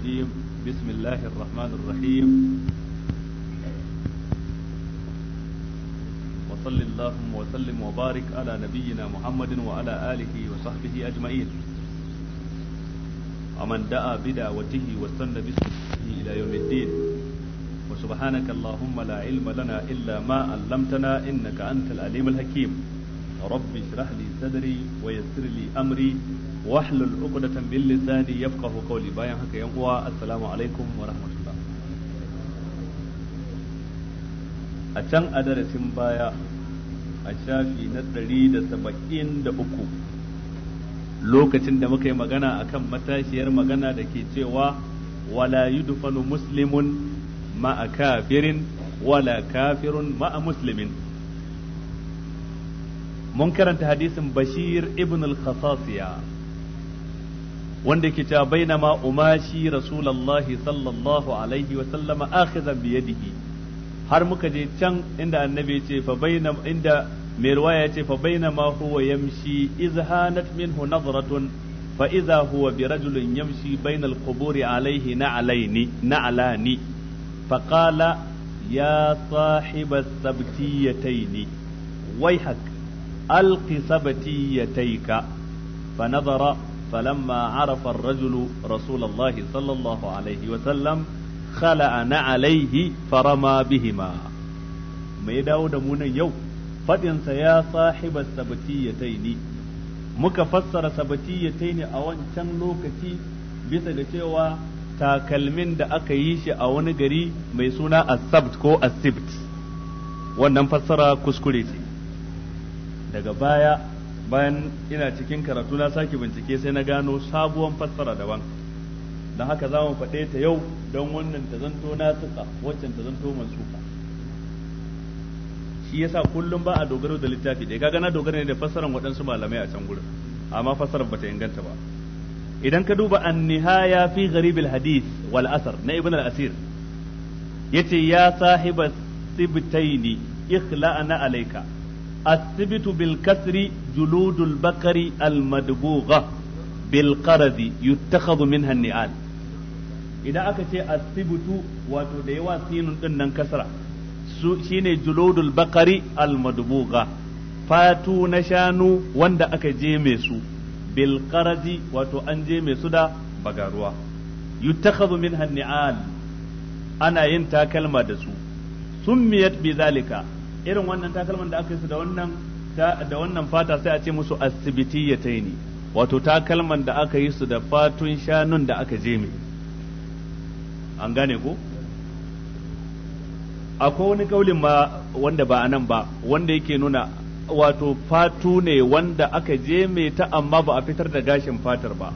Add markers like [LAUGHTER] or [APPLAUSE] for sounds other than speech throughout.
الرجيم بسم الله الرحمن الرحيم وصل اللهم وسلم وبارك على نبينا محمد وعلى آله وصحبه أجمعين ومن دعا بدعوته واستنى باسمه إلى يوم الدين وسبحانك اللهم لا علم لنا إلا ما علمتنا إنك أنت العليم الحكيم رب اشرح لي صدري ويسر لي امري واحلل عقدة من لساني يفقه قولي باين هكا ينقوى السلام عليكم ورحمة الله أتن أدرس بايا أشافي نتري دسبعين دأكو lokacin da muka yi magana مغانا matashiyar magana da ke cewa wala yudfanu muslimun كافر kafirin wala kafirun ma'a mun karanta hadisin bashir ibn al-khasasiya wanda ke cewa bainama umashi rasulullahi sallallahu alaihi wa sallama akhizan bi yadihi har muka je can inda annabi ya ce fa bainam inda mai riwaya ya ce fa bainama huwa yamshi izhanat minhu nazratun fa idza huwa bi rajulin yamshi bain al-qubur alaihi na'alaini na'alani fa qala ya sahiba sabtiyataini wayhak alqi sabatiyataika fa nadara falamma arafa ar-rajulu sallallahu alaihi wa sallam khala'a na alaihi farama bihima mai dawo da mu nan yau faɗinsa ya sahiba sabatiyataini muka fassara sabatiyataini a wancan lokaci bisa da cewa takalmin da aka yi shi a wani gari mai suna asabt ko asibt wannan fassara kuskure daga baya bayan ina cikin karatu na sake bincike sai na gano sabuwar fassara daban don haka za mu faɗe ta yau don wannan ta zanto na suka waccan ta zanto mansuka shi yasa kullum ba a dogaro da littafi ɗaya kaga na dogara ne da fassaran waɗansu malamai a can gurin amma fassarar bata inganta ba idan ka duba an-nihaya fi gharibil hadith wal asar na ibn al-asir yace ya sahiba sibtaini ikhla'na alayka الثبت بالكسر جلود البقر المدبوغة بالقرز يتخذ منها النعال إذا أكتي الثبت وتديوا سين إنن كسرة شيني جلود البقر المدبوغة فاتو نشانو وند أكجي ميسو بالقرز وتو أنجي ميسو دا بغاروا يتخذ منها النعال أنا ينتا كلمة دسو سميت بذلك irin wannan takalman da aka yi su da wannan da wannan fata sai a ce musu asibitiyataini wato takalman da aka yi su da fatun shanun da aka je mai an gane ko akwai wani kaulin ma wanda ba anan ba wanda yake nuna wato fatu ne wanda aka je mai ta amma ba a fitar da gashin fatar ba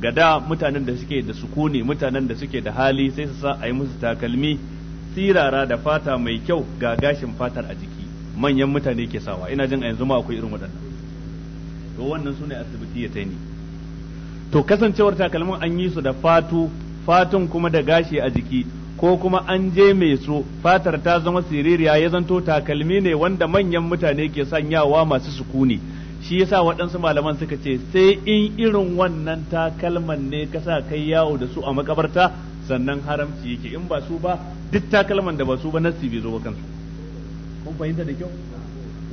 gada mutanen da suke da sukuni mutanen da suke da hali sai su sa a yi musu takalmi sirara da fata mai kyau ga gashin fatar a jiki manyan mutane ke sawa ina jin a yanzu ma akwai irin waɗannan to wannan sune asibiti ya taini to kasancewar takalmin an yi su da fatu fatun kuma da gashi a jiki ko kuma an je mai su fatar ta zama siririya ya zanto takalmi ne wanda manyan mutane ke sanyawa masu sukuni shi yasa waɗansu malaman suka ce sai in irin wannan takalman ne ka sa kai yawo da su a makabarta sannan haramci yake in ba su ba duk takalman da ba su ba nassi bai zo ba kansu kun fahimta da kyau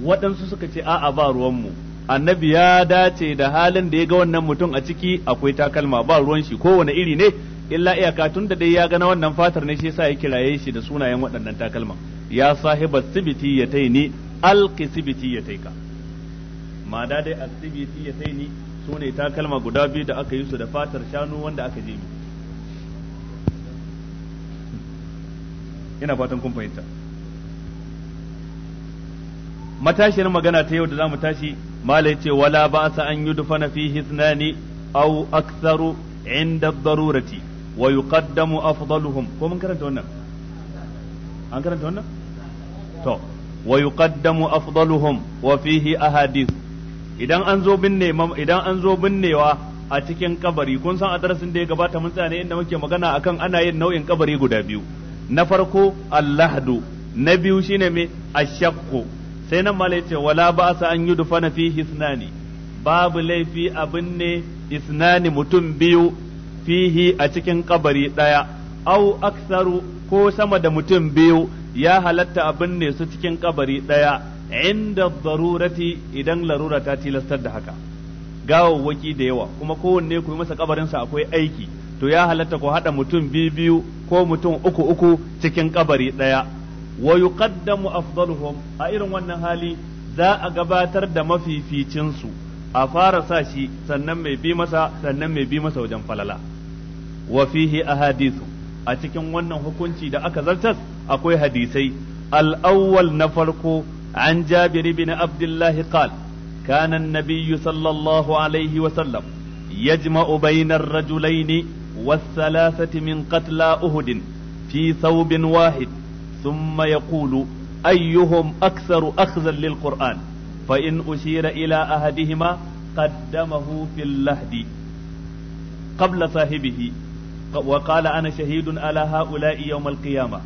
waɗansu suka ce a'a ba ruwanmu annabi ya dace da halin da ya ga wannan mutum a ciki akwai takalma ba ruwan shi kowane iri ne illa iyaka tun da dai ya ga wannan fatar ne shi yasa ya kiraye shi da sunayen waɗannan takalma ya sahiba sibiti ya taini alqi sibiti ya taika ma da dai asibiti ya taini sune takalma guda biyu da aka yi su da fatar shanu wanda aka je mu. ina fatan kun fahimta matashiyar magana ta yau da zamu tashi malai ce wala ba sa an na fihi ithnani aw aktharu inda darurati wa yuqaddamu afdaluhum ko mun karanta wannan an karanta wannan to wa yuqaddamu afdaluhum wa fihi ahadith idan an zo binne idan an zo binnewa a cikin kabari kun san a darasin da ya gabata mun tsaya ne inda muke magana akan ana yin nau'in kabari guda biyu na farko allahdu na biyu shine mai ashakku sai nan malai ce wala ba sa an yi dufana fi hisnani babu laifi abin ne isnani mutum biyu fihi a cikin kabari daya au aksaru ko sama da mutum biyu ya halatta abin ne su cikin kabari daya inda darurati idan larura ta tilastar da haka gawawwaki da yawa kuma kowanne ku yi masa kabarinsa akwai aiki to ya halatta ku haɗa mutum biyu biyu ko mutum uku uku cikin kabari ɗaya wa yuqaddamu afdaluhum a irin wannan hali za a gabatar da mafificin su a fara sa shi sannan mai bi masa sannan mai bi masa wajen falala wa fihi ahadithu a cikin wannan hukunci da aka zartas akwai hadisai al-awwal na farko an jabiri bin abdullahi qal kana an-nabiyyu sallallahu alaihi wa sallam yajma'u bainar rajulaini والثلاثة من قتلى أهد في ثوب واحد ثم يقول أيهم أكثر أخذا للقرآن فإن أشير إلى أحدهما قدمه في اللهد قبل صاحبه وقال أنا شهيد على هؤلاء يوم القيامة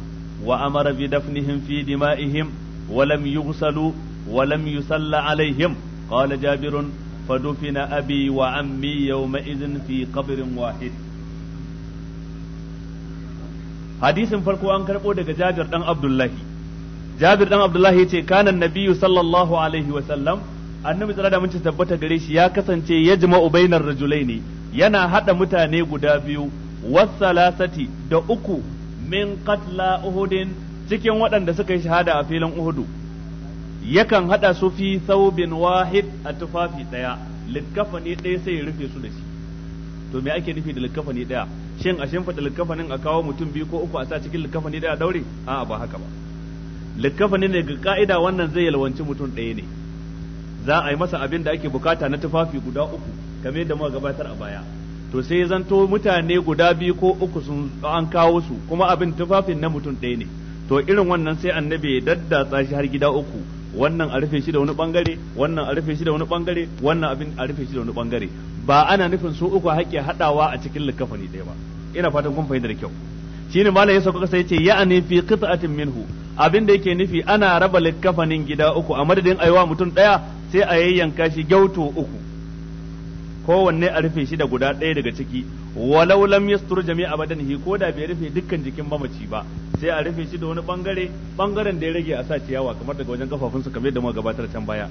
وأمر بدفنهم في دمائهم ولم يغسلوا ولم يصلى عليهم قال جابر فدفن أبي وعمي يومئذ في قبر واحد hadisin farko an karbo daga Jabir dan Abdullahi Jabir dan Abdullahi yace kana nabiyyu sallallahu alaihi wa sallam annabi tsara da mun tabbata gare shi ya kasance yajma'u bainar rajulaini yana hada mutane guda biyu wasalasati da uku min qatla uhudin cikin waɗanda suka yi shahada a filin uhudu yakan hada su fi thawbin wahid a tufafi daya ne daya sai ya rufe su da shi to me ake nufi da ne daya shin a shimfiɗa likafanin a kawo mutum biyu ko uku a sa cikin likafani da a daure a'a ba haka ba likafani ne ga ka'ida wannan zai yalwanci mutum ɗaya ne za a yi masa abin da ake bukata na tufafi guda uku kamar yadda muka gabatar a baya to sai ya zanto mutane guda biyu ko uku sun an kawo su kuma abin tufafin na mutum ɗaya ne to irin wannan sai annabi ya daddatsa shi har gida uku wannan a rufe shi da wani bangare wannan a rufe shi da wani bangare wannan abin a rufe shi da wani bangare ba ana nufin su uku haƙƙi haɗawa a cikin likafani ɗaya ba ina fatan kun fahimta da kyau shine malam ya sauka kasa yace ya'ani fi qit'atin minhu abin da yake nufi ana raba likafanin gida uku a madadin aiwa mutum ɗaya sai a yayyanka shi gyauto uku kowanne a rufe shi da guda ɗaya daga ciki walau lam yastur jami'a badanihi ko da bai rufe dukkan jikin mamaci ba sai a rufe shi da wani bangare bangaren da ya rage a sa ciyawa kamar daga wajen kafafunsa kamar yadda muka gabatar can baya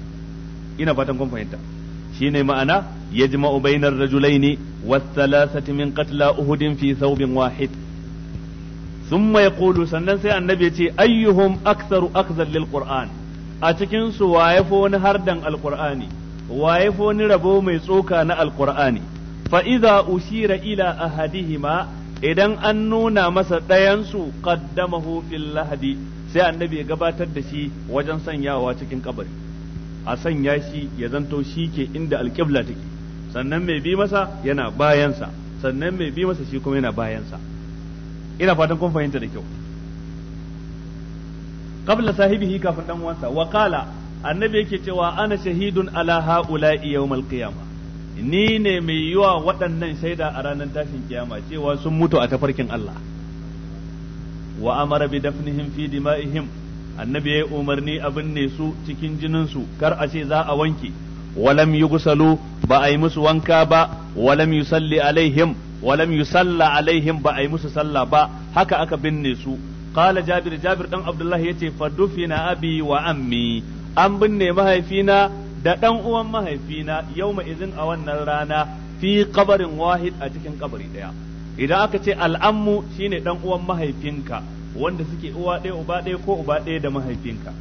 ina fatan kun fahimta shine ma'ana ya jima'u bainar rajulaini was thalathati min qatla uhudin fi thawbin wahid thumma kudu sannan sai annabi ce ayyuhun aksaru aksar lil a cikin su waye fa wani hardan alƙur'ani waye fa wani rabo mai tsoka na alƙur'ani fa'iza ushira ila ahadihima idan an nuna masa ɗayansu qaddamahu hufin lahadi sai annabi ya gabatar da shi wajen sanyawa cikin kabari a sanya shi ya zanto shi ke inda alƙibla take sannan mai bi masa yana bayansa sannan mai bi masa shi kuma yana bayansa ina fatan kun fahimta da kyau qabla sahibihi kafin dan uwansa wa qala annabi yake cewa ana shahidun ala haula'i yawmal qiyamah ni ne mai yiwa waɗannan shaida a ranar tashin kiyama cewa sun mutu a tafarkin Allah wa amara bi dafnihim fi dima'ihim annabi ya umarni a binne su cikin jinin su kar a ce za a wanke walam yughsalu ba a yi musu wanka ba walam yusalli alaihim walam yusalla alaihim ba a yi musu salla ba haka aka binne su qala jabir jabir dan abdullahi yace fa dufina abi wa ammi an binne mahaifina da dan uwan mahaifina yauma izin a wannan rana fi kabarin wahid a cikin kabari daya idan aka ce al'ammu shine dan uwan mahaifinka wanda suke uwa ɗaya uba ɗaya ko uba ɗaya da mahaifinka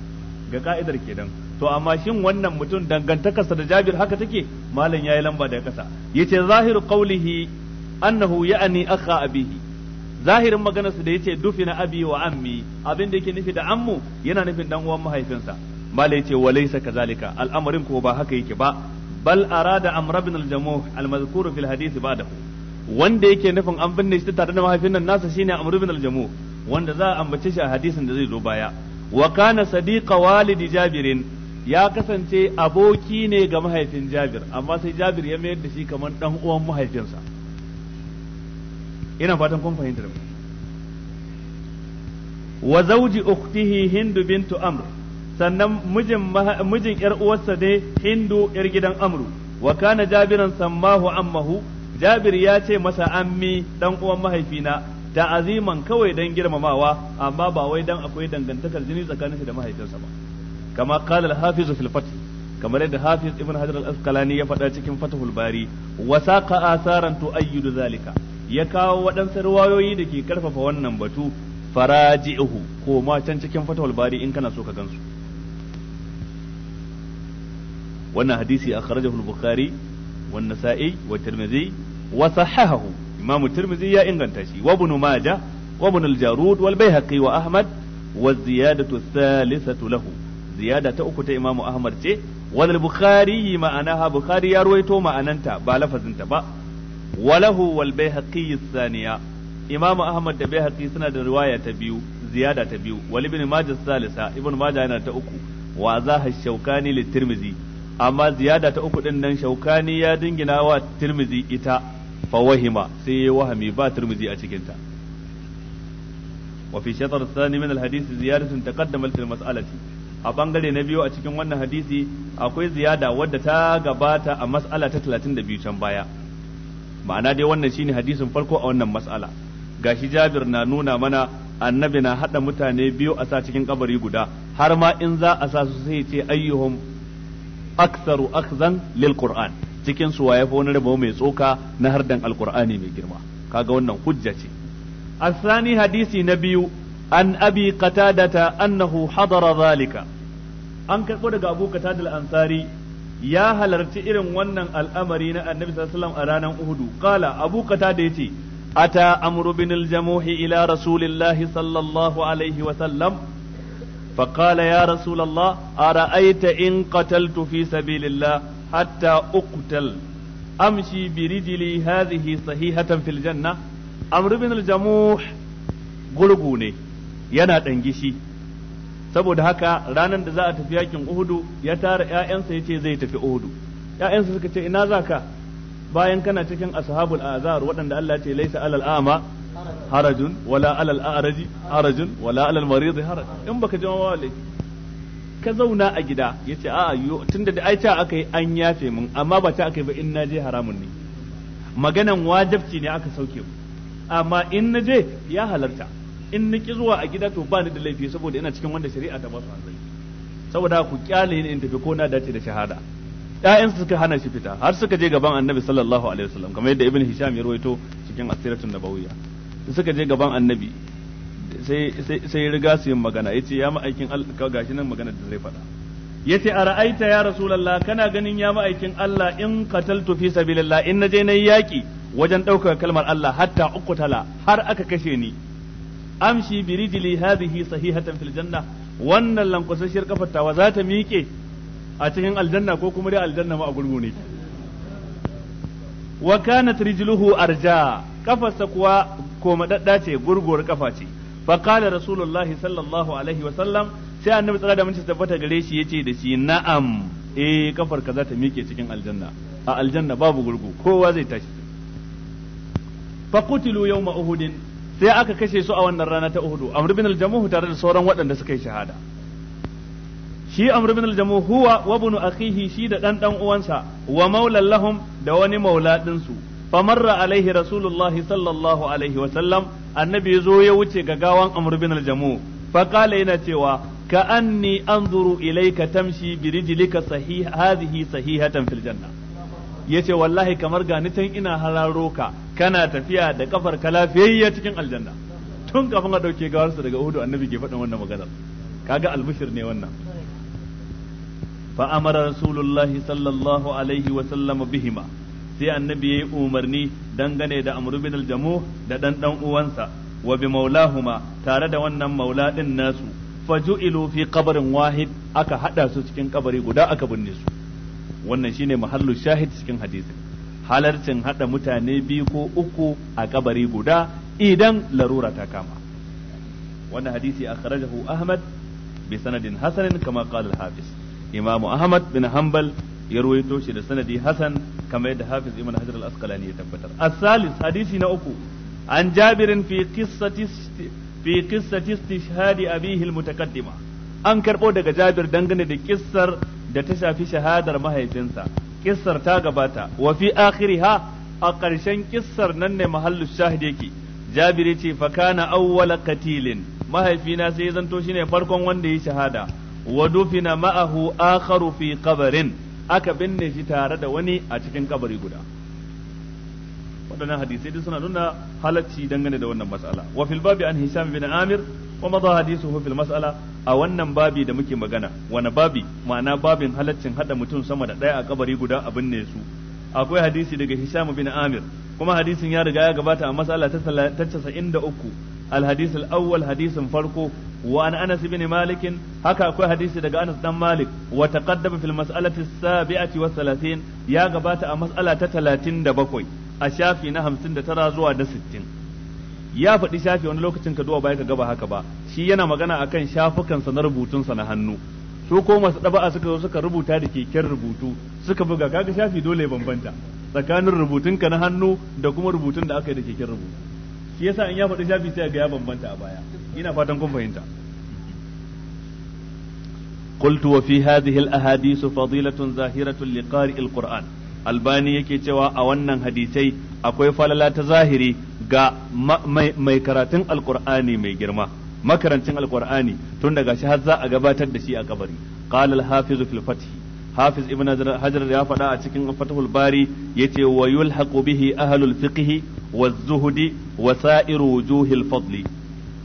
ga ka'idar kenan to amma shin wannan mutum dangantakarsa da Jabir haka take malam yayi lamba da kasa yace zahiru qawlihi annahu ya'ni akha abihi zahirin sa da yace dufina abi wa ammi abin da yake nufi da ammu yana nufin dan uwan mahaifinsa malam yace walaysa kazalika al'amarin ko ba haka yake ba bal arada amr ibn al-jamuh al-madhkur fil hadith ba'dahu wanda yake nufin an binne shi tare da mahaifin nan nasa shine amr ibn al wanda za a ambace shi a hadisin da zai zo baya wa kana sadiqa walidi jabirin ya kasance aboki ne ga mahaifin jabir amma sai jabir ya mayar da shi kamar dan uwan mahaifinsa ina fatan kun fahimta mu wa zawji ukhtihi hindu bintu amr sannan mijin mijin yar uwarsa ne hindu yar gidan amru wa kana jabiran sammahu ammahu jabir ya ce masa ammi dan uwan mahaifina ta'aziman kawai dan girmamawa amma ba wai don akwai dangantakar jini tsakanin shi da mahaifinsa ba kama qala Hafizu fil fath kamar yadda hafiz ibn hajar al-asqalani ya faɗa cikin fathul bari wa saqa asaran tu'ayyidu zalika ya kawo waɗansu ruwayoyi da ke karfafa wannan batu faraji'uhu ko ma can cikin fathul bari in kana so ka gansu wannan hadisi akhrajahu al-bukhari wan nasa'i wa tirmidhi wa sahahahu imamu tirmidhi ya inganta shi wa ibn majah wa ibn al-jarud wal baihaqi wa ahmad wa ziyadatu thalithatu lahu ziyada ta uku ta imamu ahmad ce wal bukhari ma'anaha bukhari ya ruwaito ma'ananta ba ta ba walahu wal baihaqi thaniya imamu ahmad da baihaqi suna da riwaya ta biyu ziyada ta biyu wal ibn majah salisa ibn majah yana ta uku wa zaha shaukani li tirmidhi amma ziyada ta uku din nan shaukani ya dingina wa tirmidhi ita fa wahima sai ya wahami ba turmuzi a cikin ta wa fi shatar thani min alhadith ziyaratun taqaddama mas'alati a bangare na biyu a cikin wannan hadisi akwai ziyada wadda ta gabata a mas'ala ta 32 can baya ma'ana dai wannan shine hadisin farko a wannan mas'ala gashi Jabir na nuna mana annabi na hada mutane biyu a sa cikin kabari guda har ma in za a sa su sai ce ayyuhum aktharu akhzan lil cikin su waye wani rabo mai tsoka na hardan alkur'ani mai girma kaga wannan hujja ce asani hadisi na biyu an abi qatadata annahu hadara zalika an karbo daga abu qatadal ansari ya halarci irin wannan al'amari na annabi sallallahu alaihi a ranar uhudu qala abu qatada yace ata amru bin ila rasulillahi sallallahu alaihi wasallam فقال يا رسول الله أرأيت إن قتلت في سبيل الله hatta uqtal amshi birijili rijli hadhihi sahihatan fil janna amr gurgu ne yana dan gishi saboda haka ranar da za a tafi yakin uhudu ya tara 'ya'yansa ya ce zai tafi uhudu ƴaƴansa suka ce ina zaka bayan kana cikin ashabul azar waɗanda Allah ce laisa alal ama harajun wala alal a'raji harajun wala alal marid in baka jama wa laifi ka zauna a gida ya ce a tunda da aica aka yi an yafe mun amma ba ta aka yi ba in na je haramun ne maganan wajabci ne aka sauke mu amma in na je ya halarta in na ki zuwa a gida to ba ni da laifi saboda ina cikin wanda shari'a ta ba su hanzari saboda ku kyale ni in tafi ko na dace da shahada ƴaƴansu suka hana shi fita har suka je gaban annabi sallallahu alaihi wasallam kamar yadda ibn hisham ya rawaito cikin asiratun nabawiyya suka je gaban annabi sai riga su yin magana yace ya ma'aikin Allah nan magana da zai faɗa yace a ra'aita ya lalla kana ganin ya ma'aikin Allah in qataltu fi sabilillah in naje nayi yaki wajen ɗaukar kalmar Allah hatta uqtala har aka kashe ni amshi bi rijli hadhihi sahihatan fil janna wannan lankwasasshiyar kafattawa za ta miƙe a cikin aljanna ko kuma dai aljanna ma a gurgu ne wa kanat rijluhu arja kafarsa kuwa komadadda ce gurguwar kafa ce fa qala rasulullahi sallallahu alaihi wa sallam sai annabi tsara da mace tabbata gare shi yace da shi na'am eh kafar ka za ta miƙe cikin aljanna a aljanna babu gurgu kowa zai tashi fa qutilu yawma uhudin sai aka kashe su a wannan rana ta uhudu amr bin al-jamuh tare da sauran waɗanda suka yi shahada shi amr bin al-jamuh huwa wa ibn akhihi shi da dan dan uwansa wa maulan lahum da wani maula din su famarra alaihi rasulullahi sallallahu alaihi wa sallam annabi yazo ya wuce ga gawan amr bin al-jamu fa qala yana cewa ka anni anzuru ilayka tamshi bi rijlika sahih hadhihi sahihatan fil janna yace wallahi kamar ga can ina hararo ka kana tafiya da kafar ka lafiyayya cikin aljanna tun kafin a dauke gawarsa daga Uhud annabi ke faɗin wannan magana kaga albishir ne wannan fa amara sallallahu alaihi wa sallam bihima sai annabi yi umarni dangane da amru bin da dan dan uwansa wa bi maulahuma tare da wannan maula din nasu faju'ilu fi qabrin wahid aka hada su cikin kabari guda aka binne su wannan shine mahallu shahid cikin hadisi halarcin hada mutane biyu ko uku a kabari guda idan larura ta kama wannan hadisi akhrajahu ahmad bi sanadin hasanin kama qala al-hafiz imamu ahmad bin hanbal ya ruwaito shi da sanadi hasan kamar yadda hafiz ibn hajar al-asqalani ya tabbatar as-salis hadisi na uku an jabirin fi qissati fi an karɓo daga jabir dangane da kissar da ta shafi shahadar mahaifinsa kissar ta gabata wa fi akhiriha a ƙarshen kissar nan ne mahallu shahid yake jabir yace fa kana awwala qatilin mahaifina sai ya zanto shine farkon wanda ya shahada wa dufina ma'ahu akharu fi qabrin aka binne shi tare da wani a cikin kabari guda waɗannan hadisai duk suna nuna halacci dangane da wannan mas'ala wa fil babi an hisham bin amir wa madha hadithuhu fil mas'ala a wannan babi da muke magana wani babi ma'ana babin halaccin hada mutum sama da ɗaya a kabari guda a binne su akwai hadisi daga hisham bin amir kuma hadisin ya riga ya gabata a mas'ala ta 93 الحديث الأول حديث فرقو وعن أنس بن مالك هكا أكو حديث دقى أنس بن مالك وتقدم في المسألة السابعة والثلاثين يا قبات مسألة تتلاتين دبكوي أشافي نهم سند ترازوا دستين ya faɗi shafi wani lokacin ka duwa baya ka gaba haka ba shi yana magana kan shafukansa na rubutunsa na hannu su ko masu ɗaba'a suka zo suka rubuta da keken rubutu suka buga kaga shafi dole bambanta tsakanin rubutunka na hannu da kuma rubutun da aka yi da keken rubutu shi yasa in ya faɗi shafi sai ga ya bambanta a baya ina fatan kun fahimta قلت وفي هذه الأحاديث فضيلة ظاهرة لقارئ القرآن albani yake cewa a wannan hadisai akwai falala ta zahiri ga mai karatun alkur'ani mai girma makarancin alkur'ani tun daga shi har za a gabatar da shi a kabari qala al-hafiz fil fath hafiz ibn hajar ya faɗa a cikin fathul bari yace wa yulhaqu bihi ahlul fiqh والزهد وسائر وجوه الفضل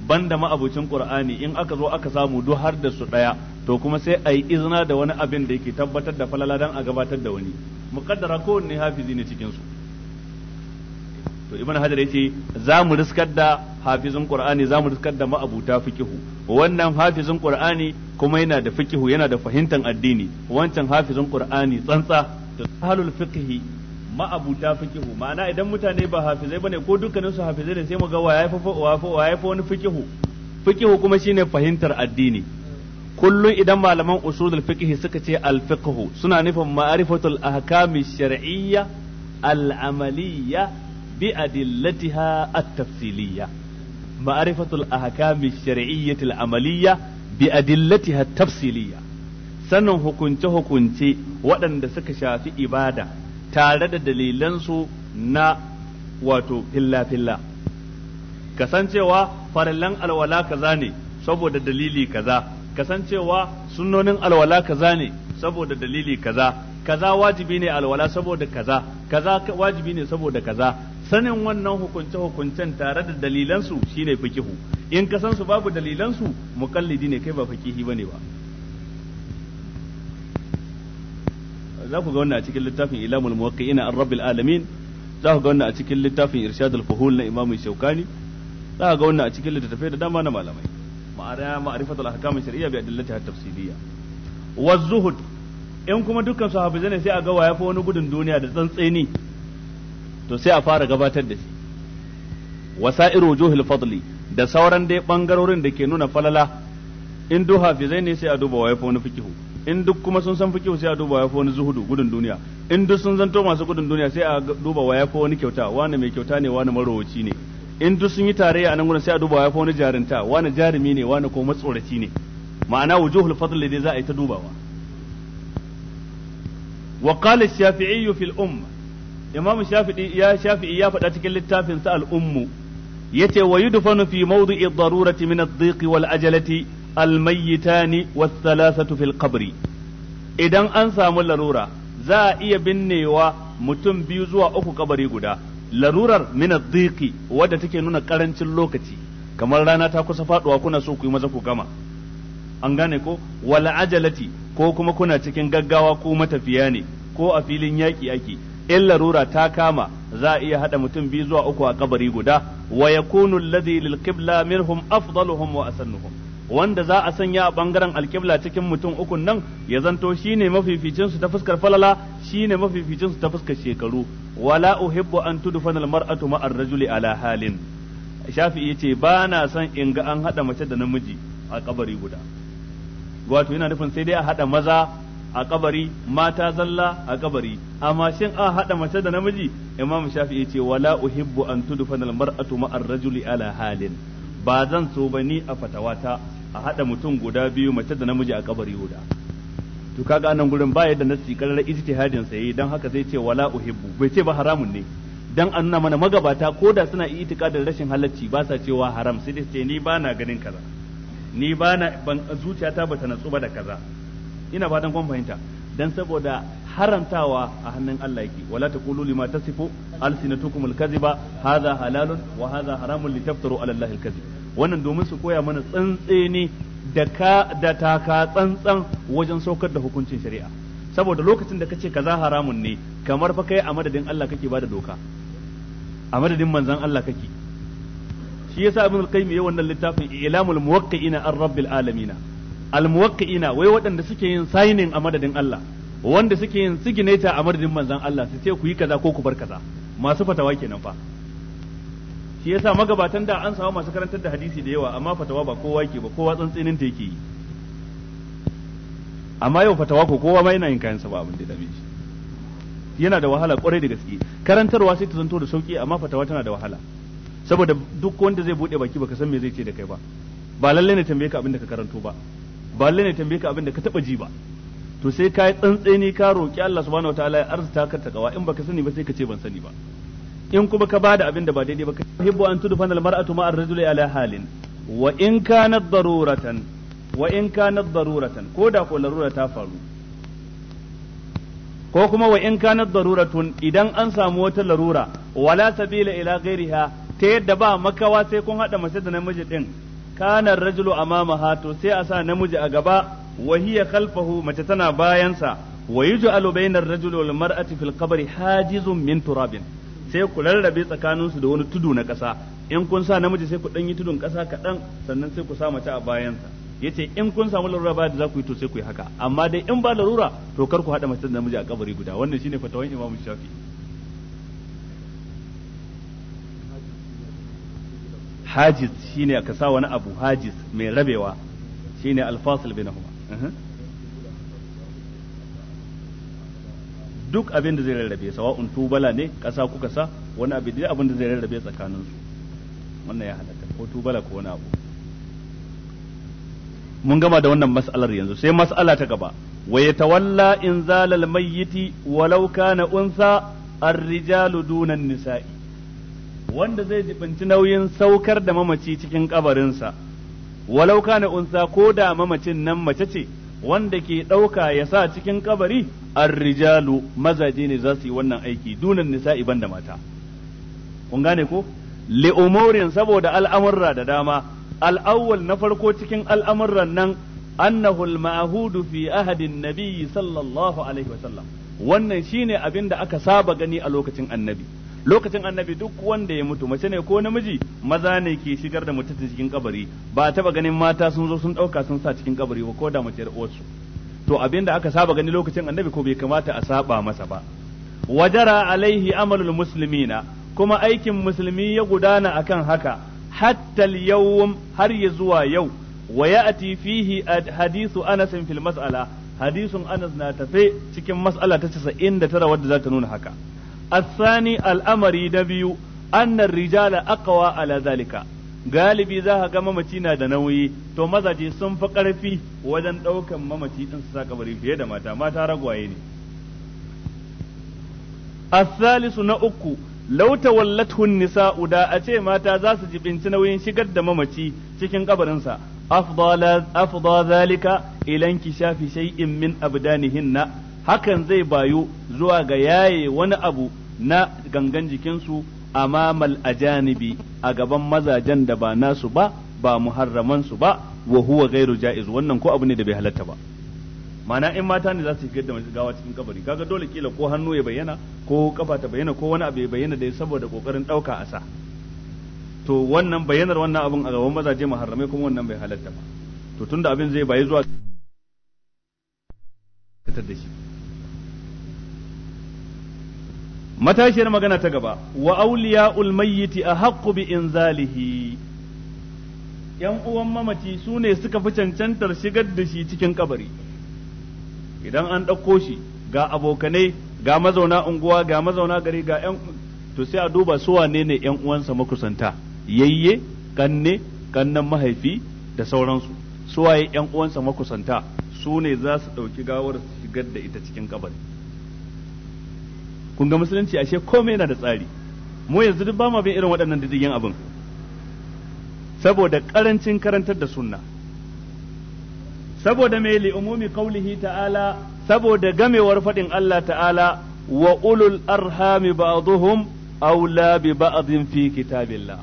banda ma'abucin qur'ani in aka zo aka samu duk har da su daya to kuma sai ayi izna da wani abin da yake tabbatar da falala dan a gabatar da wani muqaddara kowanne hafizi ne cikin su to ibn hajar yace za mu riskar da hafizin qur'ani za mu riskar da ma'abuta fiqihu wannan hafizin qur'ani kuma yana da fiqihu yana da fahimtar addini wancan hafizin qur'ani tsantsa da halul fiqhi ma'abuta fikihu ma'ana idan mutane ba hafizai bane ko dukkanin su hafizai ne sai mu ga yafi fa wa fa wani fikihu fikihu kuma shine fahimtar addini kullun idan malaman usulul fiqh suka ce al fiqh suna nufin ma'rifatul ahkami shar'iyya al amaliyya bi adillatiha at tafsiliyya ma'rifatul ahkami shar'iyya al amaliyya bi adillatiha at tafsiliyya sannan hukunce hukunce waɗanda suka shafi ibada tare da dalilansu na wato filla-filla kasancewa farallan alwala kaza ne saboda dalili kaza kasancewa sunnonin alwala kaza ne saboda dalili kaza kaza wajibi ne alwala saboda kaza kaza wajibi ne saboda kaza sanin wannan hukunce hukuncen tare da dalilansu shine fikihu in kasansu babu dalilansu muqallidi ne kai ba fikihi bane ba za ku ga wannan a cikin littafin ilamul muwaqqi'ina an rabbil alamin za ku ga wannan a cikin littafin irshadul fuhul na imamu shaukani za ku ga wannan a cikin littafin da dama na malamai ma'ana ma'rifatul ahkam shar'iyya bi adillati hat tafsiliyya wa zuhud in kuma dukkan sahabbai ne sai a ga waya fa wani gudun duniya da tsantseni to sai a fara gabatar da shi Wasa'iru wujuhil fadli da sauran dai bangarorin da ke nuna falala in duha fi zai ne sai a duba waya fa wani fikihu in duk kuma sun san fikihu sai a duba ya fi wani zuhudu gudun duniya in duk sun zanto masu gudun duniya sai a duba wa ya fi wani kyauta wani mai kyauta ne wani marowaci ne in duk sun yi tarayya a nan gudun sai a duba ya fi wani jarinta wani jarumi ne wani ko matsoraci ne ma'ana wujuhul fadl dai za a yi ta dubawa wa qala shafi'i fil umma imam shafi'i ya shafi'i ya faɗa cikin littafin sa al ummu yace wa yudfanu fi mawdi'i ad-darurati min ad-dhiqi wal ajalati wa wasu fil qabri idan an samu larura za a iya binnewa mutum biyu zuwa uku kabari guda larurar min adhiqi wadda take nuna karancin lokaci kamar rana ta kusa faduwa kuna so ku yi maza ku gama an gane ko wala ajalati ko kuma kuna cikin gaggawa ko matafiya ne ko a filin yaki ake in larura ta kama za a iya hada mutum biyu zuwa uku a kabari guda wa yakunu alladhi lil qibla minhum afdaluhum wa asannuhum wanda za a sanya a bangaren alƙibla cikin mutum ukun nan ya zanto shi mafificin su ta fuskar falala shi mafificin su ta fuskar shekaru wala uhibbu an tudfana almar'atu ma'ar rajuli ala halin shafi yace ba na son in ga an hada mace da namiji a kabari guda wato yana nufin sai dai a hada maza a kabari mata zalla a kabari amma shin a hada mace da namiji imam shafi yace wala uhibbu an tudfana almar'atu ma'ar rajuli ala halin ba zan so ba ni a fatawata a haɗa mutum guda biyu mace da namiji a kabari guda to kaga anan gurin ba yadda nasi karar ijtihadin sa yayi dan haka zai ce wala uhibbu bai ce ba haramun ne dan an nuna mana magabata ko da suna itikadin rashin halacci ba sa cewa haram sai dai ce ni ba na ganin kaza ni ba na ban zuciyata ba ta natsu ba da kaza ina ba fatan kun fahimta dan saboda harantawa a hannun Allah yake wala taqulu lima tasifu alsinatukum alkaziba hadha halalun wa hadha haramun litaftaru ala allahi alkazib wannan domin su koya mana tsantseni da ka da taka tsantsan wajen saukar da hukuncin shari'a saboda lokacin da kace kaza haramun ne kamar fa kai a madadin Allah kake bada doka a madadin manzon Allah kake shi yasa ibn al-qayyim yayin wannan littafin ilamul muwaqqi'ina ar rabbil alamin al-muwaqqi'ina wai waɗanda suke yin signing a madadin Allah wanda suke yin signature a madadin manzon Allah su ce ku yi kaza ko ku bar kaza masu fatawa kenan fa shi yasa magabatan da an samu masu karantar da hadisi da yawa amma fatawa ba kowa yake ba kowa tsantsinin ta yake yi amma yau fatawa ko kowa ma yana yin kayan sa ba abin da dame shi yana da wahala kwarai da gaske karantarwa sai ta zanto da sauki amma fatawa tana da wahala saboda duk wanda zai bude baki baka san me zai ce da kai ba ba lalle ne tambaye ka abin da ka karanto ba ba lalle ne tambaye ka abin da ka taba ji ba to sai kai tsantseni ka roki Allah subhanahu wataala ya arzuta ka takawa in baka sani ba sai ka ce ban sani ba in kuma ka bada abin da ba daidai ba ka hibbu an tudu fanal mar'atu ma ar-rajuli ala halin wa in kanat daruratan wa in kanat daruratan ko da ko larura ta faru ko kuma wa in kanat daruratun idan an samu wata larura wala sabila ila ghairiha ta yadda ba makawa sai kun hada mace da namiji din kana ar-rajulu ha to sai a sa namiji a gaba wa hiya khalfahu mace tana bayansa wa yuj'alu bainar rajuli wal mar'ati fil qabri hajizun min turabin sai ku rarrabe tsakaninsu da wani tudu na ƙasa in kun sa namiji sai ku ɗan tudun ƙasa kaɗan sannan sai ku sa mace a bayansa ya ce in kun samu larura ba da za ku yi to sai ku yi haka amma dai in ba larura to kar ku haɗa mace da namiji a kabari guda wannan shine fatawan Imam Shafi hajiz shine ka sa wani abu hajiz mai rabewa shine alfasil bainahuma duk abin da zai rarrabe sawa'un tubala ne ƙasa kuka sa wani abu da abin da zai rarrabe tsakanin su wannan ya halatta ko tubala ko wani abu mun gama da wannan mas'alar yanzu sai mas'ala ta gaba wa yatawalla inzalal mayyiti walau kana unsa ar-rijalu dunan nisa'i wanda zai jibinci nauyin saukar da mamaci cikin sa walau kana unsa ko da mamacin nan mace ce wanda ke ɗauka ya sa cikin kabari ar-rijalu mazaje ne za su yi wannan aiki dunan nisa'i banda mata kun gane ko li umurin saboda al'amurra da dama al'awwal na farko cikin al'amurran nan annahu al-ma'hudu fi ahadin nabiyyi sallallahu alaihi wa sallam wannan shine abin da aka saba gani a lokacin annabi lokacin annabi duk wanda ya mutu mace ne ko namiji maza ne ke shigar da mutum cikin kabari ba taba ganin mata sun zo sun dauka sun sa cikin kabari ba ko da mace uwarsu to abin da aka saba gani lokacin annabi ko bai kamata a saba masa ba wajara alaihi amalul muslimina kuma aikin musulmi ya gudana akan haka hatta al har ya zuwa yau wa ya'ti fihi hadithu Anas fil mas'ala hadisun Anas na tafe cikin mas'ala ta 99 wadda za ta nuna haka الثاني الأمر دبيو أن الرجال أقوى على ذلك galibi za ka ga mamaci na da nauyi to mazaje sun fi ƙarfi wajen ɗaukan mamaci ɗin su sa kabari fiye da mata mata ragwaye ne asalisu na uku lauta wallatun nisa uda a ce mata za su jibinci nauyin shigar da mamaci cikin kabarinsa afda zalika ilan kishafi shay'in min abdanihinna hakan zai bayu zuwa ga yaye wani abu na gangan jikinsu amamal ajanibi a gaban mazajen da ba nasu ba ba muharraman su ba wa huwa ghairu jaiz wannan ko abu ne da bai halatta ba mana in mata ne za su shigar da gawa cikin kabari kaga dole kila ko hannu ya bayyana ko kafa ta bayyana ko wani abu ya bayyana da saboda kokarin dauka a sa to wannan bayyanar wannan abun a gaban mazaje muharramai kuma wannan bai halatta ba to tunda abin zai bayi zuwa da shi matashiyar magana ta gaba wa ulmayiti mayyiti haƙƙu bi zalihi yan uwan mamaci su ne suka fi cancantar shigar da shi cikin kabari idan an ɗauko shi ga abokanai ga mazauna unguwa ga mazauna gari ga yan to sai a duba su wane ne yan uwansa makusanta yayye kanne kannan mahaifi da sauransu su waye yan uwansa makusanta su ne za su ɗauki gawar shigar da ita cikin kabari kun musulunci ashe komai yana da tsari mu yanzu duk ba ma bin irin waɗannan diddigin abin saboda karancin karantar da sunna saboda mai li umumi qaulihi ta'ala saboda gamewar faɗin Allah ta'ala wa ulul arhami ba'dhum aula bi ba'dhin fi kitabillah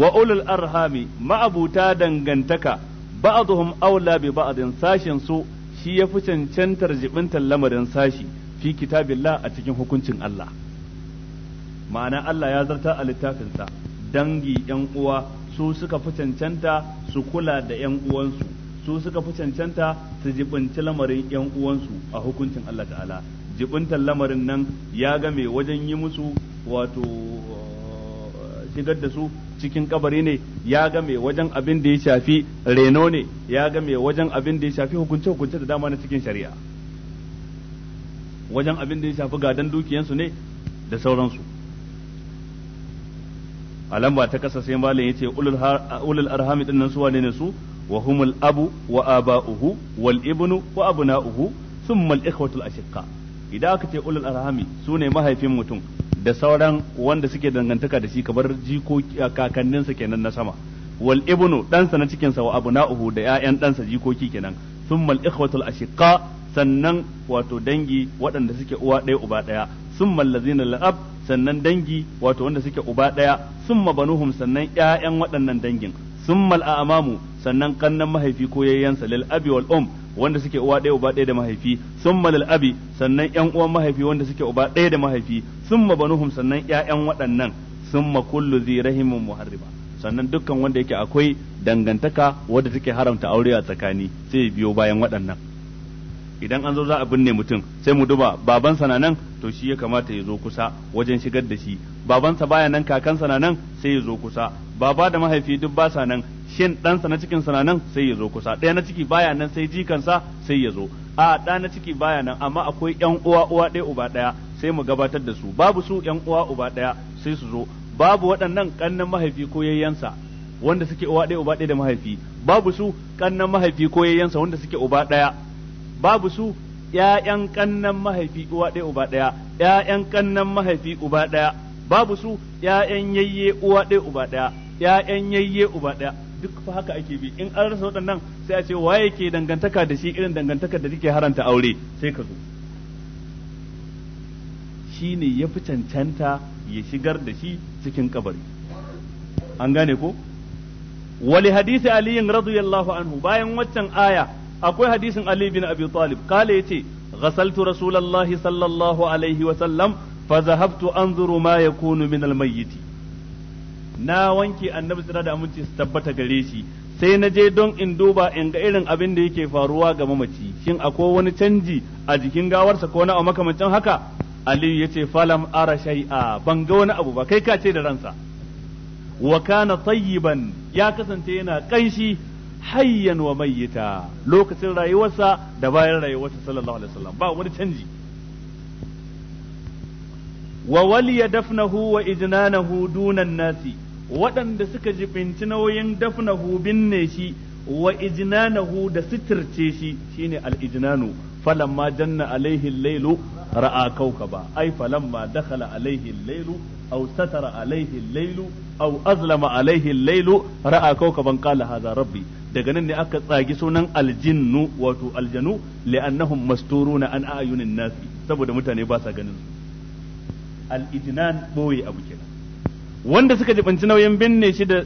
wa ulul arhami ma'abuta dangantaka ba'dhum aula bi ba'dhin sashin su shi yafi cancantar jibintar lamarin sashi fi kitabillah a cikin hukuncin Allah ma'ana Allah ya zarta a littafinsa dangi yan uwa su suka fi cancanta su kula da yan uwansu su suka fi cancanta su jibinci lamarin yan uwansu a hukuncin Allah ta'ala jibintan lamarin nan ya game wajen yi musu wato uh, shigar da su cikin kabari ne ya game wajen abin da ya shafi reno ne ya game wajen abin da ya shafi hukunce hukunce da dama na cikin shari'a wajen abin da ya shafi gadan dukiyansu ne da sauransu a lamba ta kasa sai malam yace ulul arhami din nan su wane ne su wa humul abu wa aba'uhu wal ibnu wa abna'uhu thumma al ikhwatu al ashqa idan aka ce ulul arhami su ne mahaifin mutum da sauran wanda suke dangantaka da shi kamar jikoki kakanninsa kenan na sama wal ibnu ɗansa na cikinsa wa abna'uhu da 'ya'yan sa jikoki kenan thumma al ikhwatu al ashqa sannan wato dangi waɗanda suke uwa ɗaya uba ɗaya sun na la'ab sannan dangi wato wanda suke uba ɗaya sun banuhum sannan ƴaƴan waɗannan dangin sun mal'amamu sannan kannan mahaifi ko yayyansa lil abi wal um wanda suke uwa ɗaya uba ɗaya da mahaifi sun lil abi sannan ƴan uwan mahaifi wanda suke uba ɗaya da mahaifi sun banuhum sannan ƴaƴan waɗannan sun kullu zi rahimin muharriba sannan dukkan wanda yake akwai dangantaka wadda take haramta aure a tsakani sai biyo bayan waɗannan idan an zo za a binne mutum sai mu duba babansa na nan to shi ya kamata ya zo kusa wajen shigar da shi babansa baya nan kakansa na nan sai ya zo kusa baba da mahaifi duk ba sa nan shin ɗansa na cikin sa na nan sai ya zo kusa ɗaya na ciki baya nan sai jikansa sai ya zo a ɗa na ciki baya nan amma akwai ƴan uwa uwa ɗaya uba ɗaya sai mu gabatar da su babu su ƴan uwa uba ɗaya sai su zo babu waɗannan ƙannan mahaifi ko yayyansa wanda suke uwa ɗaya uba ɗaya da mahaifi babu su ƙannan mahaifi ko yayyansa wanda suke uba ɗaya babu su 'ya'yan kannan mahaifi uwa ɗaya uba ɗaya ƴaƴan kannan mahaifi uba ɗaya babu su 'ya'yan yayye uwa ɗaya uba ɗaya ƴaƴan yayye uba ɗaya duk fa haka ake bi in an rasa waɗannan sai a ce waye ke dangantaka da shi irin dangantakar da take haranta aure sai ka zo Shi ne ya fi cancanta ya shigar da shi cikin kabari an gane ko wali hadisi aliyin radiyallahu anhu bayan waccan aya akwai hadisin Ali bin Abi Talib kale yace ghasaltu rasulullahi sallallahu alaihi wa sallam fa zahabtu anzuru ma yakunu min almayyit na wanke annabi tsira da aminci su tabbata gare shi sai na je don in duba in ga irin abin da yake faruwa ga mamaci shin akwai wani canji a jikin gawarsa ko na makamancin haka Ali yace falam ara shay'a ban ga wani abu ba kai ka ce da ransa wa kana tayyiban ya kasance yana kanshi hayyan wa mayyita lokacin rayuwarsa da bayan rayuwarsa sallallahu alaihi wasallam ba wani canji wa waliya dafnahu wa ijnanahu dunan nasi waɗanda suka jibinci nauyin dafnahu binne shi wa ijnanahu da sitirce shi shine al-ijnanu falamma janna alaihi Laylu ra'a kawkaba ai falamma dakhala alaihi Laylu lailu aw satara alaihi aw azlama alaihi Laylu lailu ra'a kawkaban qala hadha rabbi daga nan ne aka tsagi sunan aljinnu wato aljanu li'annahum masturuna an ayunin nasi saboda mutane ba sa ganin su al-ijnan boye abu kenan wanda suka jibanci nauyin binne shi da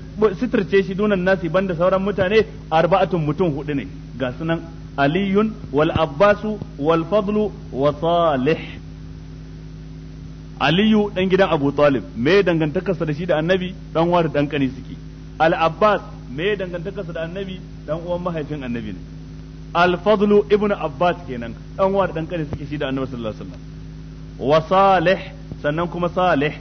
sitirce shi dunan nasi banda sauran mutane arba'atun mutum hudu ne ga sunan aliyun wal abbasu wal fadlu wa salih aliyu dan gidan abu talib me dangantakarsa da shi da annabi dan wani dan kani suke al abbas me dangantakarsa da annabi dan uwan mahaifin annabi ne al-fadlu ibn abbas kenan dan uwa da dan kare suke shi da annabi sallallahu alaihi wasallam wa salih sannan kuma salih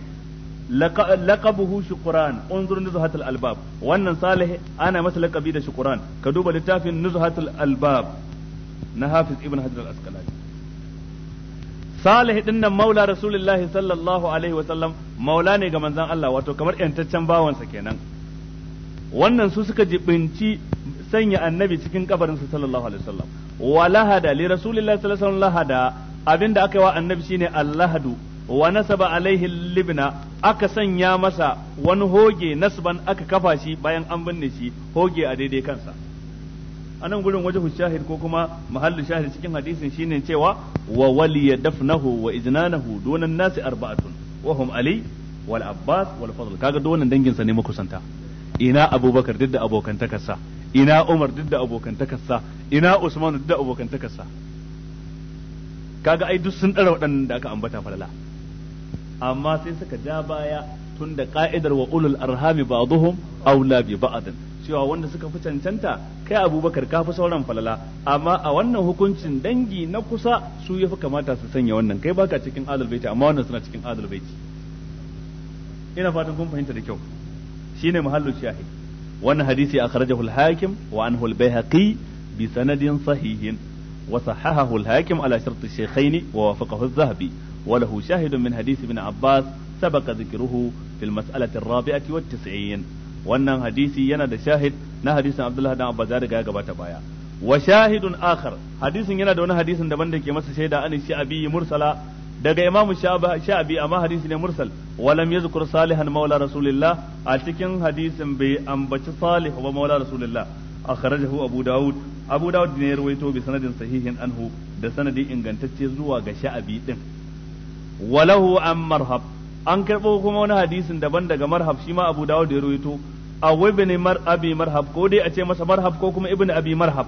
laqabuhu shukran unzur nuzhatul albab wannan salih ana masa laqabi da shukran ka duba littafin nuzhatul albab na hafiz ibn hajar al-asqalani salih din nan maula rasulullahi sallallahu alaihi wasallam maula ne ga manzon Allah wato kamar yantaccen bawansa kenan wannan su suka jibinci sanya annabi cikin kabarin sa sallallahu alaihi wasallam wa lahada li rasulillahi sallallahu alaihi wasallam lahada abinda aka yi wa annabi shine allahadu wa nasaba alaihi libna aka sanya masa wani hoge nasban aka kafa shi bayan an binne shi hoge a daidai kansa anan gurin waje shahid ko kuma mahallu shahid cikin hadisin shine cewa wa wali dafnahu wa iznanahu dunan nasi arba'atun wa hum ali wal abbas wal fadl kaga donan dangin sa ne makusanta ina abubakar duk da abokantakarsa ina umar duk da abokantakarsa ina usman duk da abokantakarsa kaga ai duk sun ɗara waɗannan da aka ambata falala amma sai suka ja baya tun da ka'idar wa ulul arhami ba'dhum aula bi ba'd cewa wanda suka fi cancanta kai abubakar ka fi sauran falala amma a wannan hukuncin dangi na kusa su ya fi kamata su sanya wannan kai baka cikin adal baiti amma wannan suna cikin adal baiti ina fatan kun fahimta da kyau shine mahallu shahid wannan hadisi akhrajahu al-hakim wa anhu al-baihaqi bi sanadin sahihin wa sahahahu al-hakim ala shart ash-shaykhayn wa wafaqahu zahabi wa lahu shahidun min hadisi ibn abbas sabaka zikiruhu fi al-mas'alati ar-rabi'ati wat-90 wannan hadisi yana da shahid na hadisin abdullahi dan abbas daga ya gabata baya wa shahidun akhar hadisin yana da wani hadisin daban dake ke masa shaida an shi abi mursala daga imam sha'abi amma hadisi ne mursal walam yadhkur salihan maula rasulillah a cikin hadisin bai ambaci salih ba maula rasulillah akhrajahu abu daud abu daud ne ya rawaito bi sanadin sahihin anhu da sanadi ingantacce zuwa ga sha'abi din walahu an marhab an karbo kuma wani hadisin daban daga marhab shi ma abu daud ya rawaito a ibn mar abi marhab ko dai a ce masa marhab ko kuma ibn abi marhab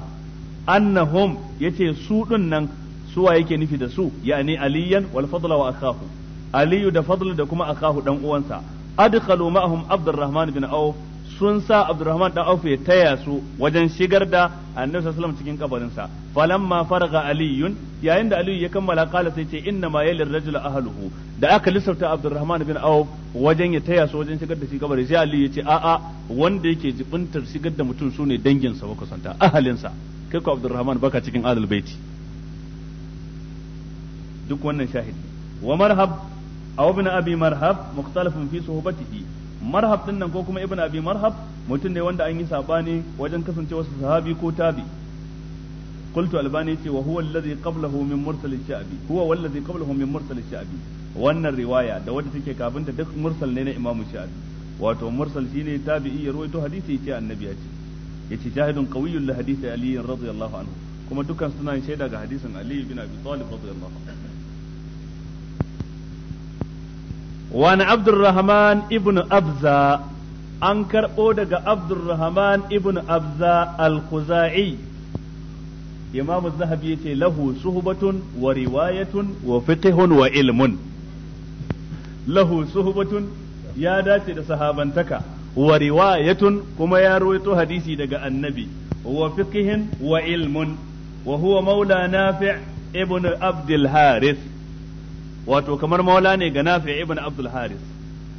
annahum yace su din nan suwa yake nufi da su yani aliyan wal fadla wa akahu aliyu da fadl da kuma akahu dan uwansa adkhalu ma'ahum abdurrahman bin auf sun sa abdurrahman dan auf ya taya su wajen shigar da annabi sallallahu alaihi wasallam cikin kabarin sa falamma faraga aliyun yayin da aliyu ya kammala kala sai ce inna ma yalir rajul ahluhu da aka lissafta abdurrahman bin auf wajen ya taya su wajen shigar da shi kabari sai aliyu ya ce a'a wanda yake jibintar shigar da mutum sune danginsa sa ko kusanta ahalin kai ko abdurrahman baka cikin adal baiti duk wannan shahid wa marhab aw ibn abi marhab mukhtalafun fi suhbatihi marhab din nan ko kuma ibn abi marhab mutum ne wanda an yi sabani wajen kasancewa sahabi ko tabi qultu albani ce wa huwa alladhi qablahu min mursal ash-sha'bi huwa wallazi qablahu min mursal ash-sha'bi wannan riwaya da wadda take kafin duk mursal ne na imamu sha'bi wato mursal shine tabi'i ya ruwaito hadisi yace annabi ya ce yace shahidun qawiyyun li hadisi ali radiyallahu anhu kuma dukkan suna shaida ga hadisin Ali bin Abi Talib radiyallahu anhu wani abdurrahman ibn abza an karɓo daga abdurrahman ibn abza al-khuzai imamu zahabi ya ce lahu suhubatun wa riwayatun wa fiqhun wa ilmun lahu suhubatun ya dace da sahabantaka wa riwayatun kuma ya rawaito hadisi daga annabi wa fiqhin wa ilmun wa huwa maula nafi' ibn abdul wato kamar maula ne ga Nafi ibn Abdul Haris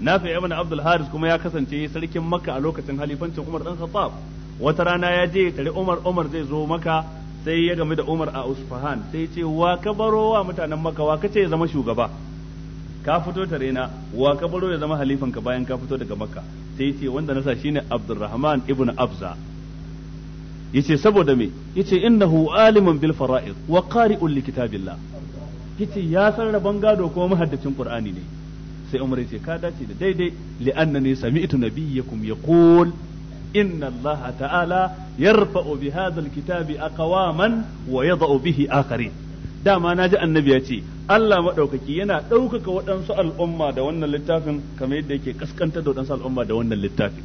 Nafi ibn Abdul Haris kuma ya kasance sarkin Makka a lokacin halifancin Umar dan Khattab wata rana ya je tare Umar Umar zai zo Makka sai ya game da Umar a Usfahan sai ya ce wa ka baro wa mutanen Makka wa kace ya zama shugaba ka fito tare na wa ka baro ya zama halifan ka bayan ka fito daga Makka sai ya ce wanda na sa shine Abdurrahman ibn Abza yace saboda me yace innahu alimun bil fara'id wa qari'un li kitabillah kice ya san rabon gado kuma mahaddacin qur'ani ne sai umar ya ce ka dace da daidai li'annani sami'tu nabiyyakum yaqul inna Allah ta'ala yarfa'u bi hadha alkitabi aqwaman wa yada'u bihi akharin dama naji annabi ya ce Allah madaukaki yana ɗaukaka waɗansu al'umma da wannan littafin kamar yadda yake kaskantar da waɗansu al'umma da wannan littafin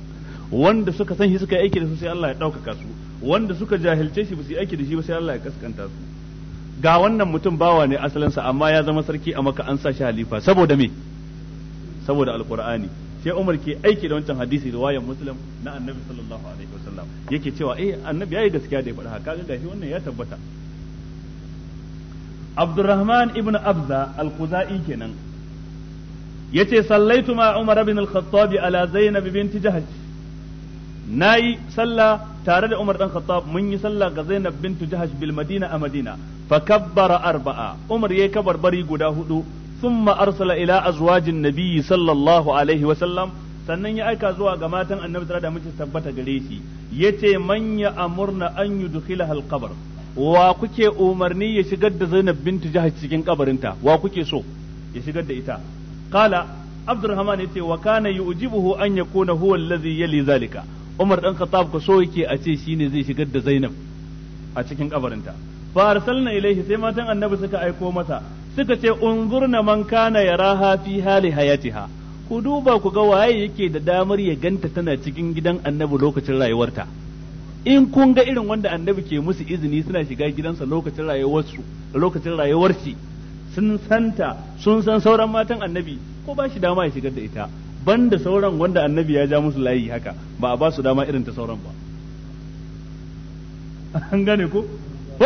wanda suka san shi suka yi aiki da su sai Allah ya ɗaukaka su wanda suka jahilce shi ba su yi aiki da shi ba sai Allah ya kaskanta su ga wannan mutum bawa ne asalinsa amma ya zama sarki a maka an sa shi halifa saboda me saboda alqur'ani sai Umar ke aiki da wancan hadisi riwayar Muslim na Annabi sallallahu alaihi wasallam yake cewa eh Annabi yayi gaskiya da ya faɗa haka ga gashi wannan ya tabbata Abdurrahman ibn Abza al-Khuzai kenan yace sallaitu ma Umar ibn al-Khattab ala Zainab binti Jahash nayi sallah tare da Umar dan Khattab mun yi sallah ga Zainab bintu Jahash bil Madina a Madina فكبر أربعة عمر يكبر بري قدا هدو ثم أرسل إلى أزواج النبي صلى الله عليه وسلم sannan ya aika zuwa ga matan annabi tare da muke tabbata gare shi yace manya a amurna an yudkhila al qabr wa kuke umarni ya shigar da Zainab bintu jihar cikin kabarinta wa kuke so ya shigar da ita qala Abdurrahman ce wa kana yujibuhu an yakuna huwa allazi yali zalika Umar dan Khattab ko so yake a ce shine zai shigar da Zainab a cikin kabarinta fa arsalna ilaihi sai matan annabi suka aiko masa suka ce unzurna man kana yaraha fi hali hayatiha ku duba ku ga waye yake da damar ya ganta tana cikin gidan annabi lokacin rayuwarta in kun ga irin wanda annabi ke musu izini suna shiga gidansa lokacin rayuwarsu lokacin rayuwar shi sun santa sun san sauran matan annabi ko ba shi dama ya shigar da ita banda sauran wanda annabi ya ja musu layi haka ba a ba su dama irin ta sauran ba an gane ko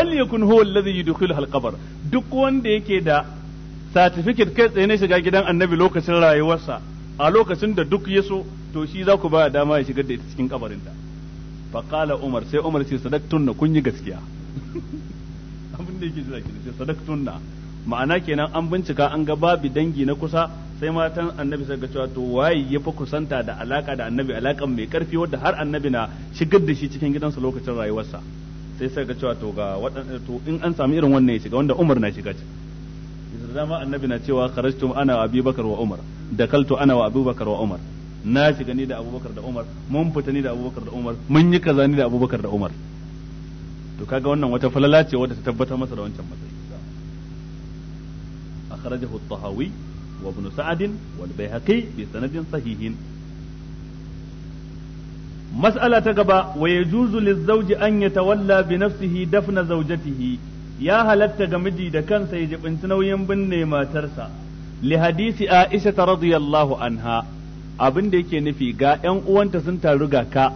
yakun huwa alladhi al qabr duk wanda yake da certificate kai tsaye na shiga gidan annabi lokacin rayuwarsa a lokacin da duk ya so to shi za ku ba dama ya shigar da ita cikin kabarinta fa qala umar sai umar ce sadaqtunna kun yi gaskiya [LAUGHS] abin da yake jira ki sai sadaqtunna ma'ana kenan an bincika an ga babu dangi na kusa sai matan annabi sai ga cewa to waye ya fi kusanta da alaka da annabi alakan mai karfi wadda har annabi na shigar da shi cikin gidansa lokacin rayuwarsa sai sai ga cewa to ga waɗanda to in an sami irin wannan ya shiga wanda Umar na shiga ciki da dama annabi na cewa kharajtum ana wa Abubakar wa Umar dakaltu ana wa Abubakar wa Umar na shiga ni da Abubakar da Umar mun fita ni da Abubakar da Umar mun yi kaza ni da Abubakar da Umar to kaga wannan wata falala ce wadda ta tabbatar masa da wancan matsayi akhrajahu at-tahawi wa ibn sa'd wal bayhaqi bi sanadin sahihin mas'ala ta gaba wa yajuzu lizawji an yatawalla bi nafsihi dafna zawjatihi ya halatta ga miji da kansa ya jibinci nauyin binne matarsa li hadisi Aisha radiyallahu anha abin da yake nufi ga ƴan uwanta sun taru ga ka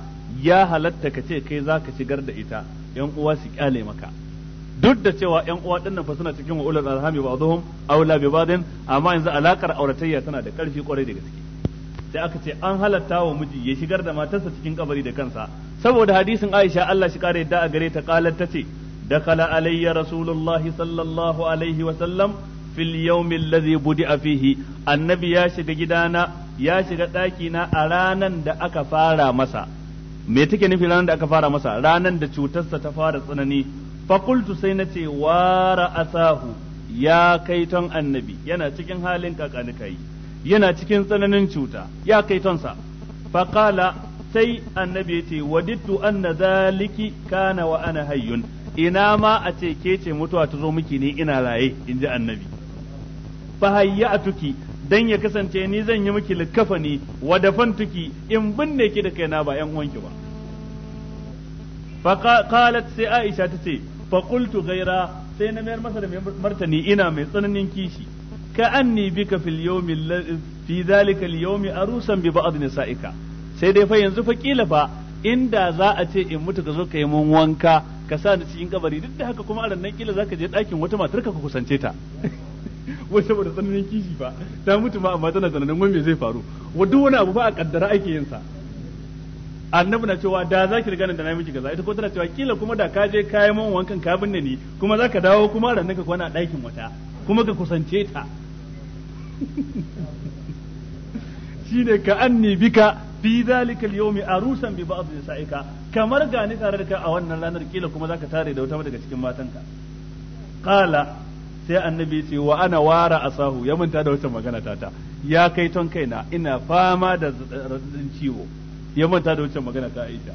ya halatta ka ce kai zaka shigar da ita ƴan uwa su kyale maka duk da cewa ƴan uwa dinnan fa suna cikin wa'ulul arhami ba'dhum aula bi ba'din amma yanzu alakar auratayya tana da ƙarfi kwarai da gaske sai aka ce an halatta wa miji ya shigar da matarsa cikin kabari da kansa saboda hadisin Aisha Allah shi kare yadda a gare ta kalar ta ce dakala alayya rasulullahi sallallahu alaihi wa sallam fil yawmi alladhi budi'a fihi annabi ya shiga gidana ya shiga daki na a ranan da aka fara masa me take nufi ranan da aka fara masa ranan da cutarsa ta fara tsanani fakultu sai na ce wara asahu ya kaiton annabi yana cikin halin kakanikai yana cikin tsananin cuta ya kai tonsa faqala sai annabi yace wadittu anna zaliki kana wa ana hayyun ina ma a ce ke ce mutuwa ta zo miki ne ina raye ji annabi fa tuki dan ya kasance ni zan yi miki likafani wa dafan tuki in binne ki da kaina ba yan uwanki ba fa qalat sai Aisha tace fa qultu ghaira sai na mayar masa da martani ina mai tsananin kishi ka'anni bika fil yawmi fi dhalika al yawmi arusan bi ba'd nisa'ika sai dai fa yanzu fa kila fa inda za a ce in mutu ka zo ka yi mun wanka ka sa ni cikin kabari duk da haka kuma a nan kila zaka je ɗakin wata matar ka kusance ta wai saboda tsananin kishi fa ta mutu ma amma tana tsananin wani me zai faru wa duk wani abu fa a kaddara ake yin sa annabi na cewa da za ki riga da na miki gaza ita ko tana cewa kila kuma da ka je kayan mun wankan ka binne ni kuma za ka dawo kuma nan ka kwana a ɗakin wata kuma ka kusance ta shine ka anni bika fi zalika al-yawmi arusan bi ba'd nisa'ika kamar ga ni tare da kai a wannan ranar kila kuma zaka tare da wata daga cikin matanka qala sai annabi ce wa ana wara asahu ya manta da wata magana ta ya kai ton kaina ina fama da radadin ciwo ya manta da wata magana ta Aisha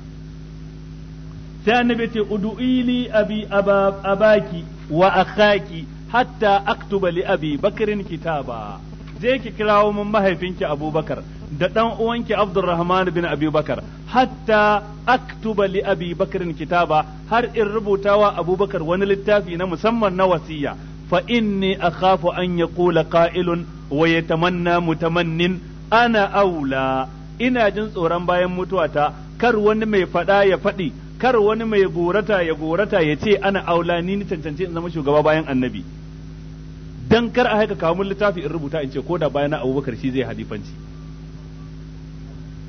sai annabi ce udu'ili abi abaki wa akhaki hatta aktuba li abi bakrin kitaba je ki kirawo mun mahaifinki abubakar da dan uwanki abdurrahman bin abi bakar hatta aktuba li abi bakrin kitaba har in rubuta wa abubakar wani littafi na musamman na wasiya fa inni akhafu an yaqula qa'ilun wa yatamanna mutamannin ana aula ina jin tsoron bayan mutuwata kar wani mai fada ya faɗi kar wani mai gorata ya gorata ya ce ana aula ni ni cancanci in zama shugaba bayan annabi dan kar a haika kawo mun littafi in rubuta in ce ko da bayan abubakar shi zai halifanci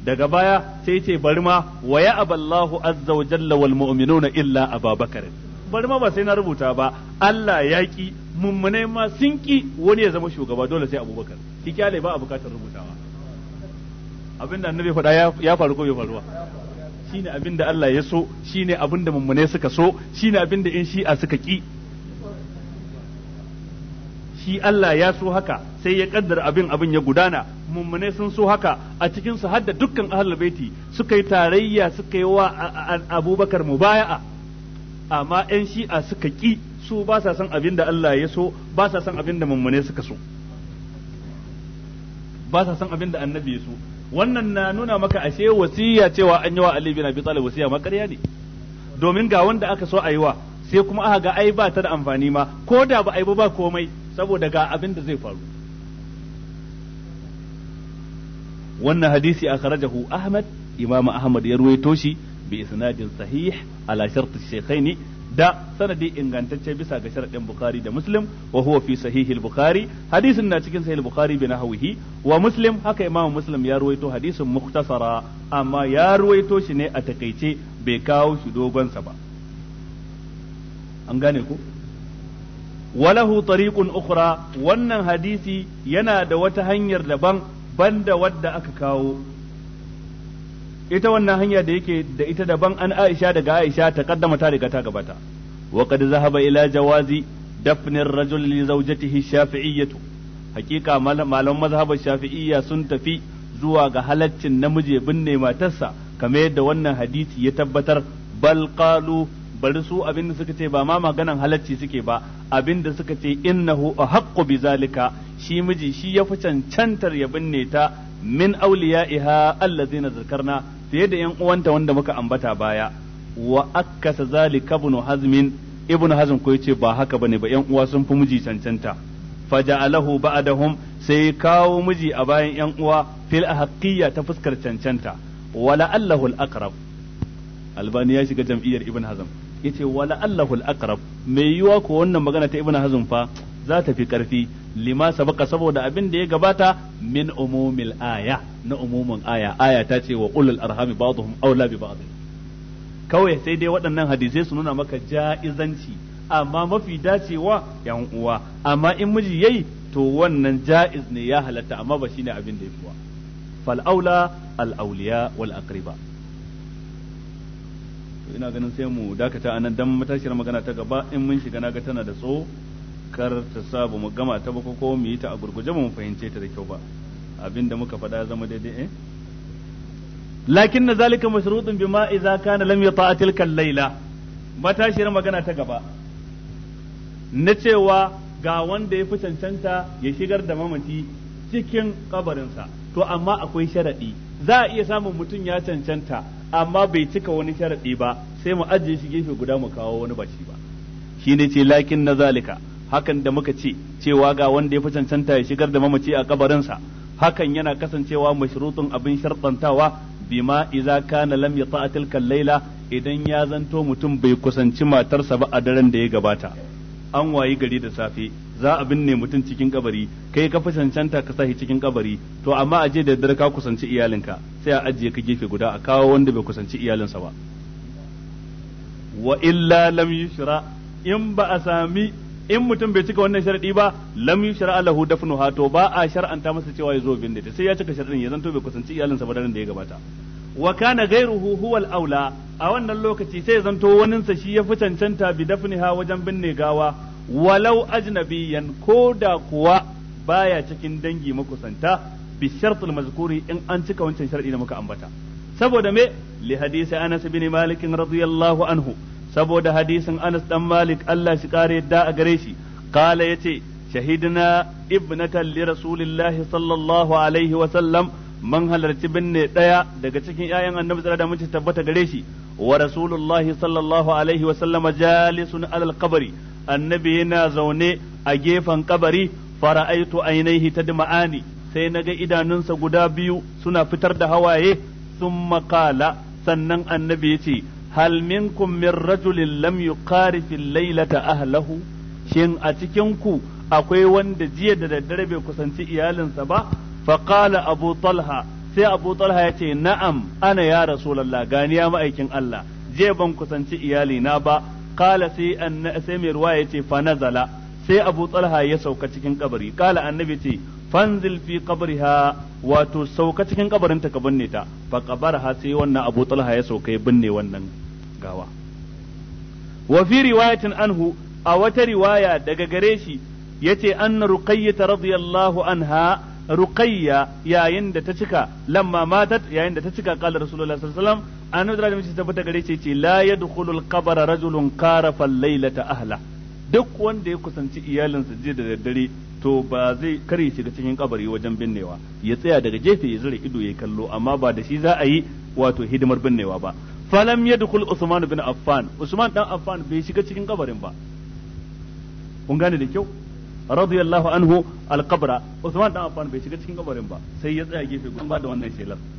daga baya sai ce bari ma wa ya aballahu azza wa jalla wal mu'minuna illa ababakar bari ma ba sai na rubuta ba Allah ya ki mummune ma sun ki wani ya zama shugaba dole sai abubakar ki kyale ba a bukatar rubutawa abinda annabi faɗa ya faru ko bai faruwa shine abinda Allah ya so shine abinda mummune suka so shine abinda in shi'a suka ki shi Allah ya so haka sai ya kaddara abin abin ya gudana mummune sun so haka a cikin su hadda dukkan ahlul baiti suka yi tarayya suka yi wa Abubakar mubaya'a amma ƴan shi'a suka ki su ba sa son abin da Allah ya so ba sa son abin da mummune suka so ba sa son abin da annabi ya so wannan na nuna maka ashe wasiya cewa an yi wa Ali bin Abi Talib wasiya ma ƙarya ne domin ga wanda aka so a yi wa sai kuma aka ga ai ba ta da amfani ma ko da ba a yi ba komai saboda ga abin da zai faru wannan hadisi akhrajahu Ahmad Imam Ahmad ya ruwaito shi bi isnadin sahih ala shart ash-shaykhaini da sanadi ingantacce bisa ga sharadin Bukhari da Muslim wa huwa fi sahih bukhari hadisin na cikin sahih al-Bukhari bi nahwihi wa Muslim haka imamu Muslim ya ruwaito hadisin mukhtasara amma ya ruwaito shi ne a takeice bai kawo shi dogon sa ba an gane ku walahu tariqun Ukra wannan hadisi yana da wata hanyar daban banda wadda aka kawo ita wannan hanya da yake da ita daban an Aisha daga Aisha ta kaddama ta riga ta gabata wa zahaba ila jawazi dafni ar-rajul li zawjatihi shafi'iyyatu hakika malaman mazhabar shafi'iyya sun tafi zuwa ga halaccin namiji binne matarsa kamar da wannan hadisi ya tabbatar bal bari su abin da suka ce ba ma maganan halacci suke ba abin da suka ce innahu ahqqu zalika shi miji shi ya fi cancantar ya binne ta min awliya'iha allazina zakarna fiye da yan uwanta wanda muka ambata baya wa akkasa zalika ibn hazm ibn hazm ko yace ba haka bane ba yan uwa sun fi miji cancanta faja'alahu ba'dahum sai kawo miji a bayan yan uwa fil ahqiyya ta fuskar cancanta wala allahul aqrab albani ya shiga jam'iyyar ibn hazm yace wala allahul aqrab mai yiwa ko wannan magana ta ibnu hazm fa za ta fi karfi lima sabaka saboda abin da ya gabata min umumil aya na umumin aya aya ta ce wa ulul arhami ba'dhum aula bi ba'd kawai sai dai waɗannan hadisai su nuna maka ja'izanci amma mafi dacewa yan uwa amma in miji yayi to wannan ja'iz ne ya halatta amma ba shine abin da yafi wa fal aula al awliya wal aqriba ina ganin sai mu dakata anan dan matashiyar magana ta gaba in mun shiga naga tana da tso kar ta sa ba mu gama ta ba ko mu yi ta a gurguje mu fahimce ta da kyau ba abinda muka faɗa zama daidai eh lakin na zalika mashrutun bima idza kana lam yata'a tilka al-laila matashiyar magana ta gaba na cewa ga wanda ya fi cancanta ya shigar da mamaci cikin kabarinsa to amma akwai sharaɗi za a iya samun mutum ya cancanta amma bai cika wani sharadi ba sai mu ajiye shi gefe guda mu kawo wani bashi ba shi ne ce lakin na zalika hakan da muka ce cewa ga wanda ya fi cancanta ya shigar da mamaci a kabarinsa hakan yana kasancewa mashrutun abin shartantawa bima izaka kana lam yata tilka laila idan ya zanto mutum bai kusanci matarsa ba a daren da ya gabata an wayi gari da safe za a binne mutum cikin kabari kai ka fashancanta ka sahi cikin kabari to amma a je da dare ka kusanci iyalinka sai a ajiye ka gefe guda a kawo wanda bai kusanci iyalinsa ba wa illa lam yushra in ba a sami in mutum bai cika wannan sharadi ba lam yushra lahu ha to ba a shar'anta masa cewa ya zo binne ta sai ya cika sharadin ya zanto bai kusanci iyalinsa ba daren da ya gabata wa kana ghayruhu huwa al-aula a wannan lokaci sai ya zanto waninsa shi ya fi cancanta bi dafniha wajen binne gawa walau ajnabiyan ko da kuwa baya cikin dangi makusanta bi shartul mazkuri in an cika wancan sharadi da muka ambata saboda me li hadisi Anas bin Malik radiyallahu anhu saboda hadisin Anas dan Malik Allah shi kare da a gare shi kala yace shahidna ibnaka li rasulillahi sallallahu alaihi wa sallam man halarci binne daya daga cikin ƴaƴan annabi tsara da mace tabbata gare shi wa rasulullahi sallallahu alaihi wa sallama jalisun alal qabri annabi yana zaune a gefen kabari fara'aitu ainihi ta ma'ani sai na ga idanunsa guda biyu suna fitar da hawaye sun makala sannan annabi ya ce hal minkum min rajulin lam yuqari lailata ahlahu shin a cikin ku akwai wanda jiya da daddare bai kusanci iyalinsa ba faqala abu talha sai abu talha ya ce na'am ana ya rasu rasulallah ganiya ma'aikin Allah Jiya ban kusanci iyalina ba qala sai sai mai ruwaya ce fa nazala sai Abu Talha ya sauka cikin kabari qala annabi ce fanzil fi qabriha wato sauka cikin kabarin ka binne ta fa qabarha sai wannan Abu Talha ya sauka ya binne wannan gawa Wafi fi anhu a wata riwaya daga gare shi yace anna ruqayyah radiyallahu anha ruqayya yayin da ta cika lamma matat yayin da ta cika qala rasulullahi sallallahu alaihi wasallam annabi da mace tabbata gare ce ce la yadkhulu al-qabra rajulun qarafa al-laylata ahla duk wanda ya kusanci iyalinsa jiya da daddare to ba zai kare shiga cikin kabari wajen binnewa ya tsaya daga gefe ya zura ido ya kallo amma ba da shi za a yi wato hidimar binnewa ba falam yadkhul usman bin affan usman dan affan bai shiga cikin kabarin ba kun gane da kyau radiyallahu anhu alqabra Usman dan Affan bai shiga cikin kabarin ba sai ya tsaya gefe guda ba da wannan shelar